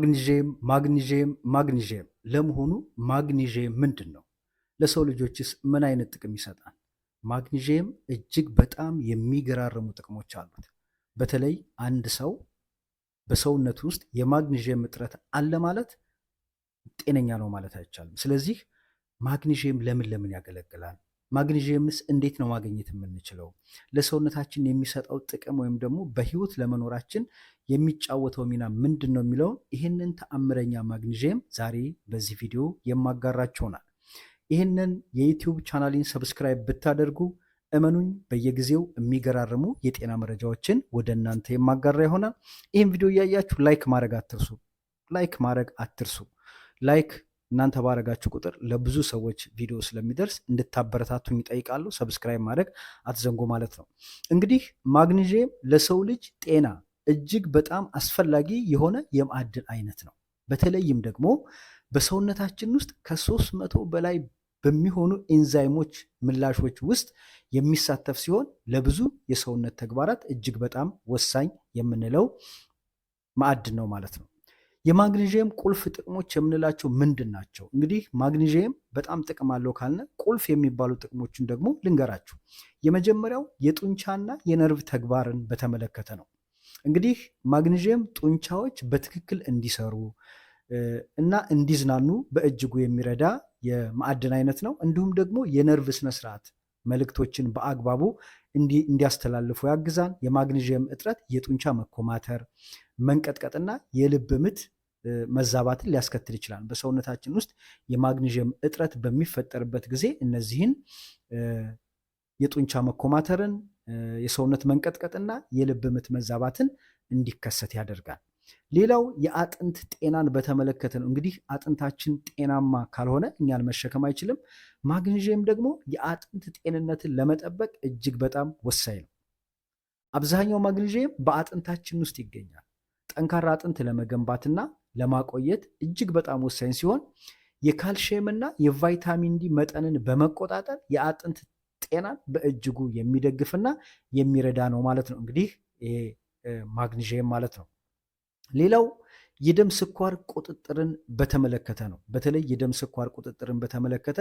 ማግኒዥየም ማግኒዥየም ማግኒዥየም ለመሆኑ ማግኒዥየም ምንድን ነው? ለሰው ልጆችስ ምን አይነት ጥቅም ይሰጣል? ማግኒዥየም እጅግ በጣም የሚገራረሙ ጥቅሞች አሉት። በተለይ አንድ ሰው በሰውነት ውስጥ የማግኒዥየም እጥረት አለ ማለት ጤነኛ ነው ማለት አይቻልም። ስለዚህ ማግኒዥየም ለምን ለምን ያገለግላል? ማግኒዥየምስ እንዴት ነው ማግኘት የምንችለው? ለሰውነታችን የሚሰጠው ጥቅም ወይም ደግሞ በህይወት ለመኖራችን የሚጫወተው ሚና ምንድን ነው የሚለውን ይህንን ተአምረኛ ማግኒዥየም ዛሬ በዚህ ቪዲዮ የማጋራችሁናል። ይህንን የዩትዩብ ቻናሊን ሰብስክራይብ ብታደርጉ እመኑኝ በየጊዜው የሚገራርሙ የጤና መረጃዎችን ወደ እናንተ የማጋራ ይሆናል። ይህን ቪዲዮ እያያችሁ ላይክ ማድረግ አትርሱ። ላይክ ማድረግ አትርሱ። ላይክ እናንተ ባረጋችሁ ቁጥር ለብዙ ሰዎች ቪዲዮ ስለሚደርስ እንድታበረታቱኝ ይጠይቃሉ። ሰብስክራይብ ማድረግ አትዘንጎ ማለት ነው። እንግዲህ ማግኒዥየም ለሰው ልጅ ጤና እጅግ በጣም አስፈላጊ የሆነ የማዕድን አይነት ነው። በተለይም ደግሞ በሰውነታችን ውስጥ ከሶስት መቶ በላይ በሚሆኑ ኤንዛይሞች ምላሾች ውስጥ የሚሳተፍ ሲሆን ለብዙ የሰውነት ተግባራት እጅግ በጣም ወሳኝ የምንለው ማዕድን ነው ማለት ነው። የማግኒዥየም ቁልፍ ጥቅሞች የምንላቸው ምንድን ናቸው? እንግዲህ ማግኒዥየም በጣም ጥቅም አለው ካልነ ቁልፍ የሚባሉ ጥቅሞችን ደግሞ ልንገራችሁ። የመጀመሪያው የጡንቻና የነርቭ ተግባርን በተመለከተ ነው። እንግዲህ ማግኒዥየም ጡንቻዎች በትክክል እንዲሰሩ እና እንዲዝናኑ በእጅጉ የሚረዳ የማዕድን አይነት ነው። እንዲሁም ደግሞ የነርቭ ስነስርዓት መልእክቶችን በአግባቡ እንዲያስተላልፉ ያግዛል። የማግኒዥየም እጥረት የጡንቻ መኮማተር፣ መንቀጥቀጥና የልብ ምት መዛባትን ሊያስከትል ይችላል። በሰውነታችን ውስጥ የማግኒዥየም እጥረት በሚፈጠርበት ጊዜ እነዚህን የጡንቻ መኮማተርን፣ የሰውነት መንቀጥቀጥና የልብ ምት መዛባትን እንዲከሰት ያደርጋል። ሌላው የአጥንት ጤናን በተመለከተ ነው። እንግዲህ አጥንታችን ጤናማ ካልሆነ እኛን መሸከም አይችልም። ማግኒዥየም ደግሞ የአጥንት ጤንነትን ለመጠበቅ እጅግ በጣም ወሳኝ ነው። አብዛኛው ማግኒዥየም በአጥንታችን ውስጥ ይገኛል። ጠንካራ አጥንት ለመገንባትና ለማቆየት እጅግ በጣም ወሳኝ ሲሆን የካልሽየምና የቫይታሚን ዲ መጠንን በመቆጣጠር የአጥንት ጤናን በእጅጉ የሚደግፍና የሚረዳ ነው ማለት ነው። እንግዲህ ይሄ ማግኒዥየም ማለት ነው። ሌላው የደም ስኳር ቁጥጥርን በተመለከተ ነው። በተለይ የደም ስኳር ቁጥጥርን በተመለከተ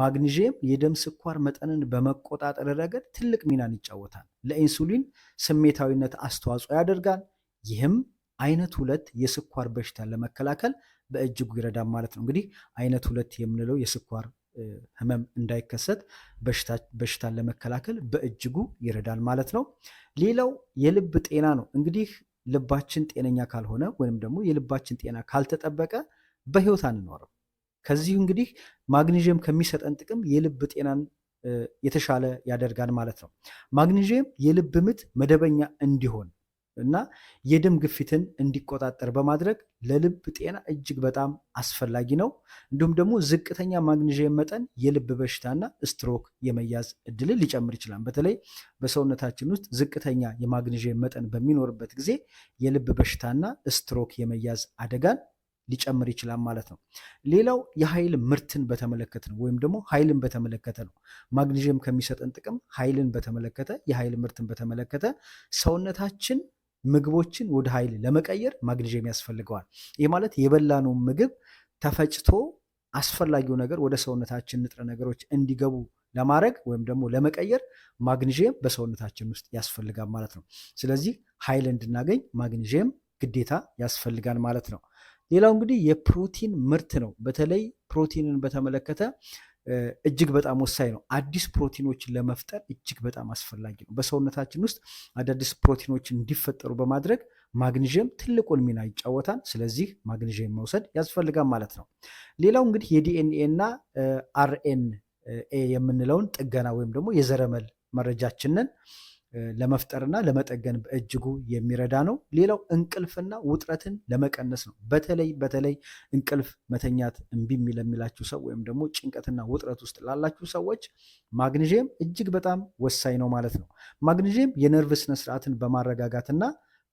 ማግኒዥየም የደም ስኳር መጠንን በመቆጣጠር ረገድ ትልቅ ሚናን ይጫወታል። ለኢንሱሊን ስሜታዊነት አስተዋጽኦ ያደርጋል። ይህም አይነት ሁለት የስኳር በሽታን ለመከላከል በእጅጉ ይረዳል ማለት ነው። እንግዲህ አይነት ሁለት የምንለው የስኳር ህመም እንዳይከሰት በሽታን ለመከላከል በእጅጉ ይረዳል ማለት ነው። ሌላው የልብ ጤና ነው። እንግዲህ ልባችን ጤነኛ ካልሆነ ወይም ደግሞ የልባችን ጤና ካልተጠበቀ በህይወት አንኖርም። ከዚሁ እንግዲህ ማግኒዥየም ከሚሰጠን ጥቅም የልብ ጤናን የተሻለ ያደርጋል ማለት ነው። ማግኒዥየም የልብ ምት መደበኛ እንዲሆን እና የደም ግፊትን እንዲቆጣጠር በማድረግ ለልብ ጤና እጅግ በጣም አስፈላጊ ነው። እንዲሁም ደግሞ ዝቅተኛ ማግኒዥየም መጠን የልብ በሽታና ስትሮክ የመያዝ እድልን ሊጨምር ይችላል። በተለይ በሰውነታችን ውስጥ ዝቅተኛ የማግኒዥየም መጠን በሚኖርበት ጊዜ የልብ በሽታና ስትሮክ የመያዝ አደጋን ሊጨምር ይችላል ማለት ነው። ሌላው የኃይል ምርትን በተመለከተ ነው፣ ወይም ደግሞ ኃይልን በተመለከተ ነው። ማግኒዥየም ከሚሰጠን ጥቅም ኃይልን በተመለከተ የኃይል ምርትን በተመለከተ ሰውነታችን ምግቦችን ወደ ኃይል ለመቀየር ማግኔዥየም ያስፈልገዋል። ይህ ማለት የበላነውን ምግብ ተፈጭቶ አስፈላጊው ነገር ወደ ሰውነታችን ንጥረ ነገሮች እንዲገቡ ለማድረግ ወይም ደግሞ ለመቀየር ማግኔዥየም በሰውነታችን ውስጥ ያስፈልጋል ማለት ነው። ስለዚህ ኃይል እንድናገኝ ማግኔዥየም ግዴታ ያስፈልጋል ማለት ነው። ሌላው እንግዲህ የፕሮቲን ምርት ነው። በተለይ ፕሮቲንን በተመለከተ እጅግ በጣም ወሳኝ ነው። አዲስ ፕሮቲኖችን ለመፍጠር እጅግ በጣም አስፈላጊ ነው። በሰውነታችን ውስጥ አዳዲስ ፕሮቲኖች እንዲፈጠሩ በማድረግ ማግኒዥየም ትልቁን ሚና ይጫወታል። ስለዚህ ማግኒዥየም መውሰድ ያስፈልጋል ማለት ነው። ሌላው እንግዲህ የዲኤንኤ እና አርኤንኤ የምንለውን ጥገና ወይም ደግሞ የዘረመል መረጃችንን ለመፍጠርና ለመጠገን በእጅጉ የሚረዳ ነው። ሌላው እንቅልፍና ውጥረትን ለመቀነስ ነው። በተለይ በተለይ እንቅልፍ መተኛት እምቢ የሚላችሁ ሰው ወይም ደግሞ ጭንቀትና ውጥረት ውስጥ ላላችሁ ሰዎች ማግኒዥየም እጅግ በጣም ወሳኝ ነው ማለት ነው። ማግኒዥየም የነርቭ ስነስርዓትን በማረጋጋትና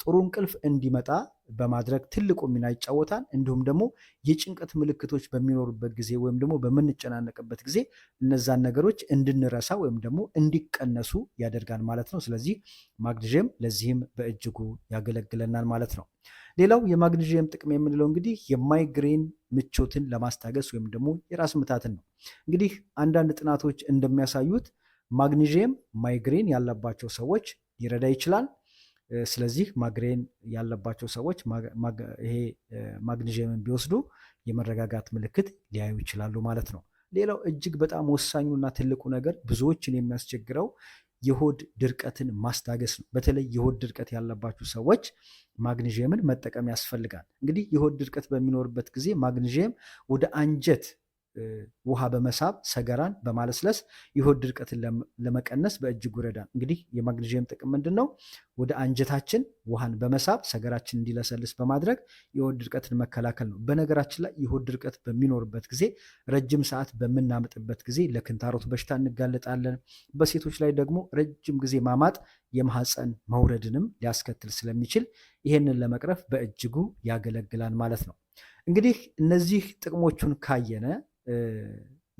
ጥሩ እንቅልፍ እንዲመጣ በማድረግ ትልቁ ሚና ይጫወታል። እንዲሁም ደግሞ የጭንቀት ምልክቶች በሚኖሩበት ጊዜ ወይም ደግሞ በምንጨናነቅበት ጊዜ እነዛን ነገሮች እንድንረሳ ወይም ደግሞ እንዲቀነሱ ያደርጋል ማለት ነው። ስለዚህ ማግኒዥየም ለዚህም በእጅጉ ያገለግለናል ማለት ነው። ሌላው የማግኒዥየም ጥቅም የምንለው እንግዲህ የማይግሬን ምቾትን ለማስታገስ ወይም ደግሞ የራስ ምታትን ነው። እንግዲህ አንዳንድ ጥናቶች እንደሚያሳዩት ማግኒዥየም ማይግሬን ያለባቸው ሰዎች ሊረዳ ይችላል። ስለዚህ ማግሬን ያለባቸው ሰዎች ይሄ ማግኒዥየምን ቢወስዱ የመረጋጋት ምልክት ሊያዩ ይችላሉ ማለት ነው። ሌላው እጅግ በጣም ወሳኙና ትልቁ ነገር ብዙዎችን የሚያስቸግረው የሆድ ድርቀትን ማስታገስ ነው። በተለይ የሆድ ድርቀት ያለባችሁ ሰዎች ማግኒዥየምን መጠቀም ያስፈልጋል። እንግዲህ የሆድ ድርቀት በሚኖርበት ጊዜ ማግኒዥየም ወደ አንጀት ውሃ በመሳብ ሰገራን በማለስለስ የሆድ ድርቀትን ለመቀነስ በእጅጉ ይረዳል። እንግዲህ የማግኔዥየም ጥቅም ምንድን ነው? ወደ አንጀታችን ውሃን በመሳብ ሰገራችን እንዲለሰልስ በማድረግ የሆድ ድርቀትን መከላከል ነው። በነገራችን ላይ የሆድ ድርቀት በሚኖርበት ጊዜ ረጅም ሰዓት በምናምጥበት ጊዜ ለክንታሮት በሽታ እንጋለጣለን። በሴቶች ላይ ደግሞ ረጅም ጊዜ ማማጥ የማህፀን መውረድንም ሊያስከትል ስለሚችል ይሄንን ለመቅረፍ በእጅጉ ያገለግላል ማለት ነው። እንግዲህ እነዚህ ጥቅሞቹን ካየነ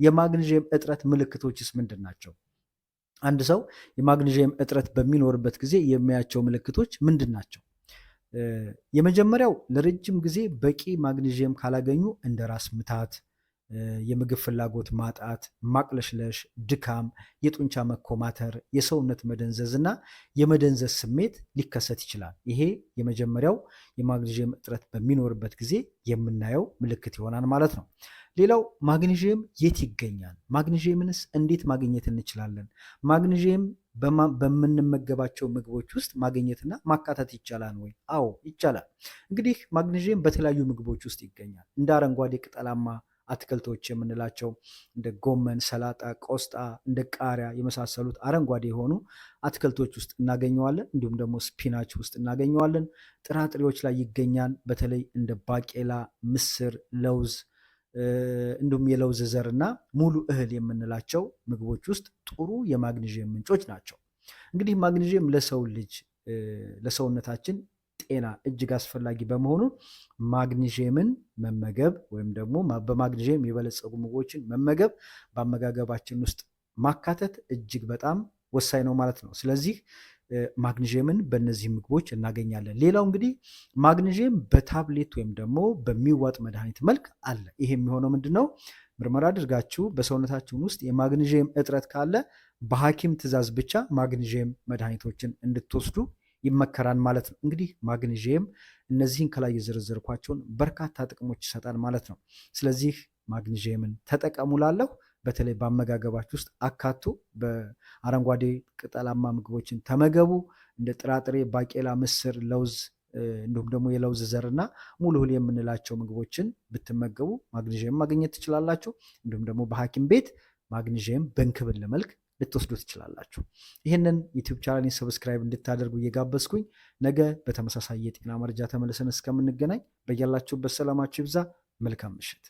የማግኒዥየም እጥረት ምልክቶችስ ምንድን ናቸው? አንድ ሰው የማግኔዥየም እጥረት በሚኖርበት ጊዜ የሚያቸው ምልክቶች ምንድን ናቸው? የመጀመሪያው ለረጅም ጊዜ በቂ ማግኔዥየም ካላገኙ እንደ ራስ ምታት፣ የምግብ ፍላጎት ማጣት፣ ማቅለሽለሽ፣ ድካም፣ የጡንቻ መኮማተር፣ የሰውነት መደንዘዝ እና የመደንዘዝ ስሜት ሊከሰት ይችላል። ይሄ የመጀመሪያው የማግኒዥየም እጥረት በሚኖርበት ጊዜ የምናየው ምልክት ይሆናል ማለት ነው። ሌላው ማግኒዥየም የት ይገኛል? ማግኒዥየምንስ እንዴት ማግኘት እንችላለን? ማግኒዥየም በምንመገባቸው ምግቦች ውስጥ ማግኘትና ማካተት ይቻላል ወይ? አዎ ይቻላል። እንግዲህ ማግኒዥየም በተለያዩ ምግቦች ውስጥ ይገኛል። እንደ አረንጓዴ ቅጠላማ አትክልቶች የምንላቸው እንደ ጎመን፣ ሰላጣ፣ ቆስጣ፣ እንደ ቃሪያ የመሳሰሉት አረንጓዴ የሆኑ አትክልቶች ውስጥ እናገኘዋለን። እንዲሁም ደግሞ ስፒናች ውስጥ እናገኘዋለን። ጥራጥሬዎች ላይ ይገኛል። በተለይ እንደ ባቄላ፣ ምስር፣ ለውዝ እንዲሁም የለውዝ ዘር እና ሙሉ እህል የምንላቸው ምግቦች ውስጥ ጥሩ የማግኒዥየም ምንጮች ናቸው። እንግዲህ ማግኒዥየም ለሰው ልጅ ለሰውነታችን ጤና እጅግ አስፈላጊ በመሆኑ ማግኒዥየምን መመገብ ወይም ደግሞ በማግኒዥየም የበለጸጉ ምግቦችን መመገብ በአመጋገባችን ውስጥ ማካተት እጅግ በጣም ወሳኝ ነው ማለት ነው። ስለዚህ ማግኒዥየምን በእነዚህ ምግቦች እናገኛለን። ሌላው እንግዲህ ማግኒዥየም በታብሌት ወይም ደግሞ በሚዋጥ መድኃኒት መልክ አለ። ይሄ የሚሆነው ምንድን ነው? ምርመራ አድርጋችሁ በሰውነታችን ውስጥ የማግኒዥየም እጥረት ካለ በሐኪም ትዕዛዝ ብቻ ማግኒዥየም መድኃኒቶችን እንድትወስዱ ይመከራል ማለት ነው። እንግዲህ ማግኒዥየም እነዚህን ከላይ የዘረዘርኳቸውን በርካታ ጥቅሞች ይሰጣል ማለት ነው። ስለዚህ ማግኒዥየምን ተጠቀሙላለሁ። በተለይ በአመጋገባችሁ ውስጥ አካቱ። በአረንጓዴ ቅጠላማ ምግቦችን ተመገቡ። እንደ ጥራጥሬ፣ ባቄላ፣ ምስር፣ ለውዝ እንዲሁም ደግሞ የለውዝ ዘርና ሙሉ እህል የምንላቸው ምግቦችን ብትመገቡ ማግኒዥየም ማግኘት ትችላላችሁ። እንዲሁም ደግሞ በሐኪም ቤት ማግኒዥየም በእንክብል መልክ ልትወስዱ ትችላላችሁ። ይህንን ዩቲዩብ ቻናልን ሰብስክራይብ እንድታደርጉ እየጋበዝኩኝ ነገ በተመሳሳይ የጤና መረጃ ተመልሰን እስከምንገናኝ በያላችሁበት ሰላማችሁ ይብዛ። መልካም ምሽት።